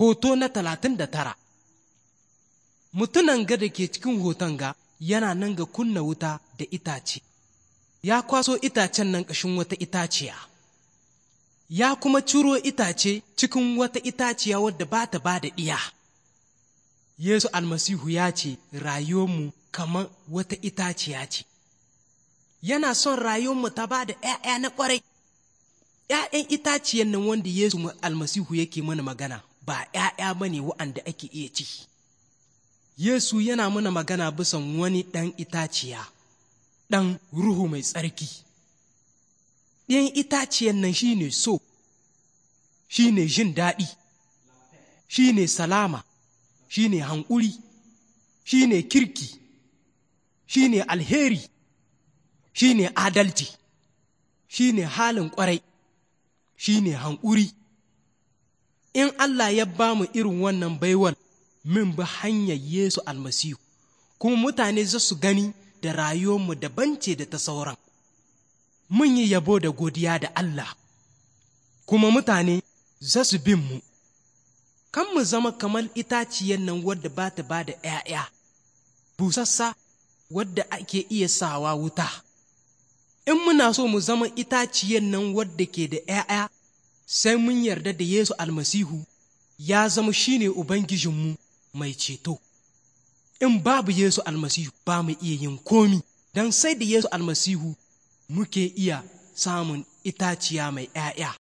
hoto na talatin da tara mutunan ga da ke cikin hoton ga yana nan ga kunna wuta da itace ya kwaso itacen nan ƙashin wata itaciya ya kuma ciro itace cikin wata itaciya wadda ba ta ba da iya yesu almasihu ya ce rayuwarmu kamar wata itaciya ce yana son rayuwarmu ta ba da ‘ya'ya na ƙwarai ‘ya'yan itaciyan nan wanda yesu almasihu yake mana magana ba ‘ya'ya ba ne wa'anda ake iya ci. Yesu yana mana magana bisan wani ɗan itaciya, ɗan ruhu mai tsarki. Ɗan itaciyan nan shi ne so, shi ne jin daɗi, shi ne salama, shi ne hankuri, shi ne kirki, shi ne alheri, shi ne adalci, shi ne halin ƙwarai, shi ne hankuri. in Allah ya ba mu irin wannan baiwar min ba hanyar Yesu almasihu kuma mutane za su gani da rayuwarmu daban ce da ta sauran mun yi yabo da godiya da Allah kuma mutane za su bin mu kan mu zama kamar itaciyar nan wadda ba ta ba da ‘ya'ya busassa wadda ake iya sawa wuta in muna so mu zama itaciyar nan wadda ke da ‘ya'ya sai mun yarda da Yesu almasihu ya zama shi ne Ubangijinmu mai ceto. In babu Yesu almasihu ba mu iya yin komi, don sai da Yesu almasihu muke iya samun itaciya mai ‘ya'ya.